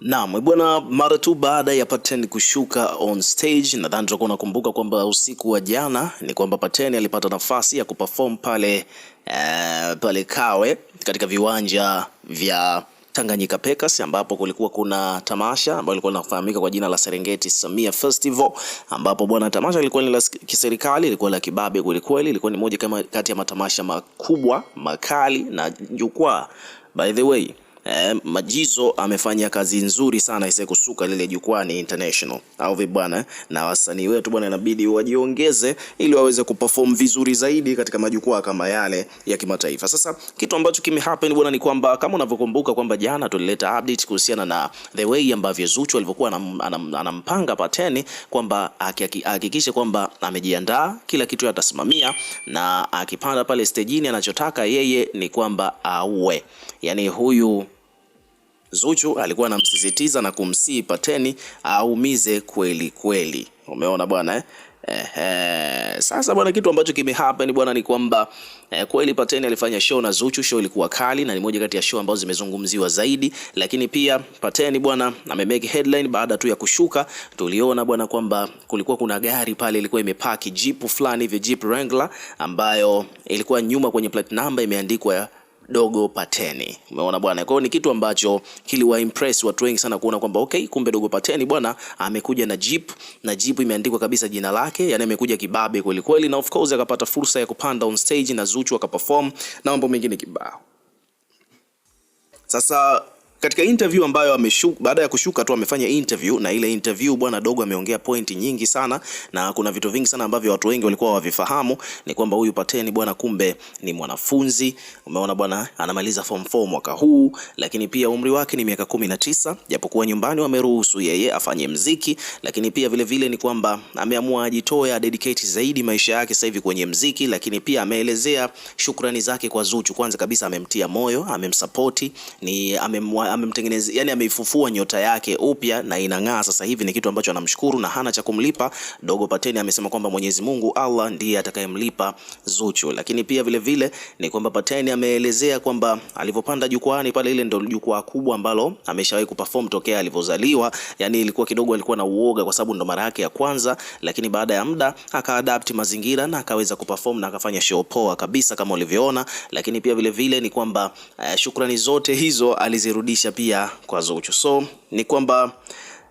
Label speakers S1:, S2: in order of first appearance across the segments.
S1: Naam, e bwana, mara tu baada ya Pateni kushuka on stage, nadhani tutakuwa nakumbuka kwamba usiku wa jana ni kwamba Pateni alipata nafasi ya kuperform pale eh, pale Kawe katika viwanja vya Tanganyika Pekas ambapo kulikuwa kuna tamasha ambayo ilikuwa inafahamika kwa jina la Serengeti Samia Festival, ambapo bwana, tamasha lilikuwa ni la kiserikali, ilikuwa la kibabe kwelikweli, ilikuwa ni moja kama kati ya matamasha makubwa makali na jukwaa by the way eh, Majizo amefanya kazi nzuri sana ise kusuka lile jukwaa ni international au vipi Na wasanii wetu bwana, inabidi wajiongeze ili waweze kuperform vizuri zaidi katika majukwaa kama yale ya kimataifa. Sasa kitu ambacho kimehappen bwana ni kwamba kama unavyokumbuka kwamba jana tulileta update kuhusiana na the way ambavyo Zuchu alivyokuwa anampanga anam, anam Pateni kwamba ahakikishe kwamba amejiandaa kila kitu atasimamia, na akipanda pale stejini anachotaka yeye ni kwamba auwe, yani huyu Zuchu alikuwa anamsisitiza na kumsii Pateni aumize kweli kweli. Umeona bwana eh? Ehe. Sasa bwana, kitu ambacho kimehappen bwana ni kwamba eh, kweli Pateni alifanya show na Zuchu. Show ilikuwa kali na ni moja kati ya show ambazo zimezungumziwa zaidi, lakini pia Pateni bwana amemake headline baada tu ya kushuka. Tuliona bwana kwamba kulikuwa kuna gari pale ilikuwa imepaki, jeep fulani hivi, jeep Wrangler ambayo ilikuwa nyuma kwenye plate number imeandikwa Dogo Pateni. Umeona bwana, kwa hiyo ni kitu ambacho kiliwa impress watu wengi sana kuona kwamba okay, kumbe Dogo Pateni bwana amekuja na Jeep na Jeep imeandikwa kabisa jina lake, yani amekuja kibabe kweli kweli, na of course akapata fursa ya kupanda on stage na Zuchu akaperform na mambo mengine kibao. Sasa katika interview ambayo ameshuka, baada ya kushuka tu amefanya interview, na ile interview bwana dogo ameongea pointi nyingi sana, na kuna vitu vingi sana ambavyo watu wengi walikuwa wavifahamu, ni kwamba huyu Pateni bwana kumbe ni mwanafunzi. Umeona bwana, anamaliza form 4 mwaka huu, lakini pia umri wake ni miaka kumi na tisa, japokuwa nyumbani wameruhusu yeye afanye mziki, lakini pia vile vile ni kwamba ameamua ajitoe, a dedicate zaidi maisha yake sasa hivi kwenye mziki, lakini pia ameelezea shukrani zake kwa Zuchu. Kwanza kabisa amemtia moyo, amemsupport, ni amemwa amemtengenezea, yani ameifufua nyota yake upya na inang'aa sasa hivi, ni kitu ambacho anamshukuru na hana cha kumlipa. Dogo Pateni amesema kwamba Mwenyezi Mungu Allah ndiye atakayemlipa Zuchu, lakini pia vile vile ni kwamba Pateni ameelezea kwamba alivyopanda jukwaani pale, ile ndio jukwaa kubwa ambalo ameshawahi kuperform tokea alivyozaliwa. Yani ilikuwa kidogo alikuwa na uoga kwa sababu ndo mara yake ya kwanza, lakini baada ya muda akaadapt mazingira na akaweza kuperform na akafanya show poa kabisa kama ulivyoona, lakini pia vile vile ni kwamba uh, shukrani zote hizo alizirudisha kujinufaisha pia kwa Zuchu. So ni kwamba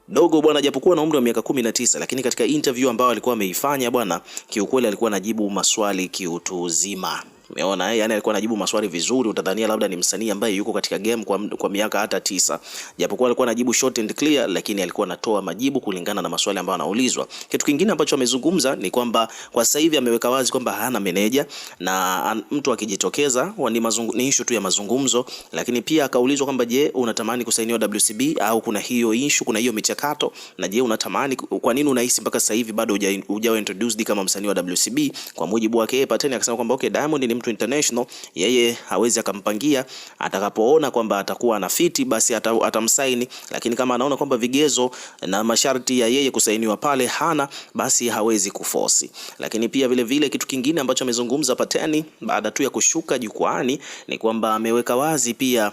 S1: Dogo bwana, japokuwa na umri wa miaka kumi na tisa, lakini katika interview ambayo alikuwa ameifanya bwana, kiukweli alikuwa anajibu maswali kiutu uzima. Umeona, eh? yani alikuwa anajibu maswali vizuri, utadhania labda ni msanii ambaye yuko katika game kwa, kwa miaka hata tisa. Japokuwa alikuwa anajibu short and clear, lakini alikuwa anatoa majibu kulingana na maswali ambayo anaulizwa. Kitu kingine ambacho amezungumza ni kwamba kwa sasa hivi ameweka wazi kwamba hana meneja na mtu akijitokeza ni mazungu, ni issue tu ya mazungumzo, lakini pia akaulizwa kwamba je, unatamani kusainiwa WCB au kuna hiyo issue, kuna hiyo michakato na je unatamani, kwa nini unahisi mpaka sasa hivi bado hujao introduced kama msanii wa WCB? Kwa mujibu wake yeye Pateni akasema kwamba okay, Diamond ni mtu international, yeye hawezi akampangia. Atakapoona kwamba atakuwa na fiti, basi atamsaini, lakini kama anaona kwamba vigezo na masharti ya yeye kusainiwa pale hana, basi hawezi kufosi. Lakini pia vile vile kitu kingine ambacho amezungumza Pateni baada tu ya kushuka jukwaani ni kwamba ameweka wazi pia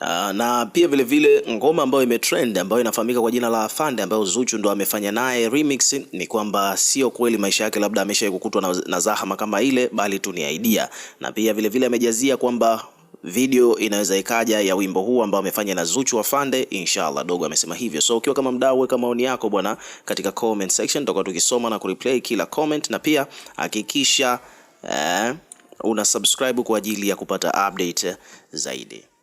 S1: na, na pia vile vile ngoma ambayo imetrend ambayo inafahamika kwa jina la Afande ambayo Zuchu ndo amefanya naye remix, ni kwamba sio kweli maisha yake labda ameshawahi kukutwa na, na zahama kama ile, bali tu ni idea, na pia vile vile amejazia kwamba video inaweza ikaja ya wimbo huu ambao amefanya na Zuchu Afande, inshallah dogo amesema hivyo. So ukiwa kama mdau, weka maoni yako bwana katika comment section, tutakuwa tukisoma na kureplay kila comment, na pia hakikisha eh, una subscribe kwa ajili ya kupata update zaidi.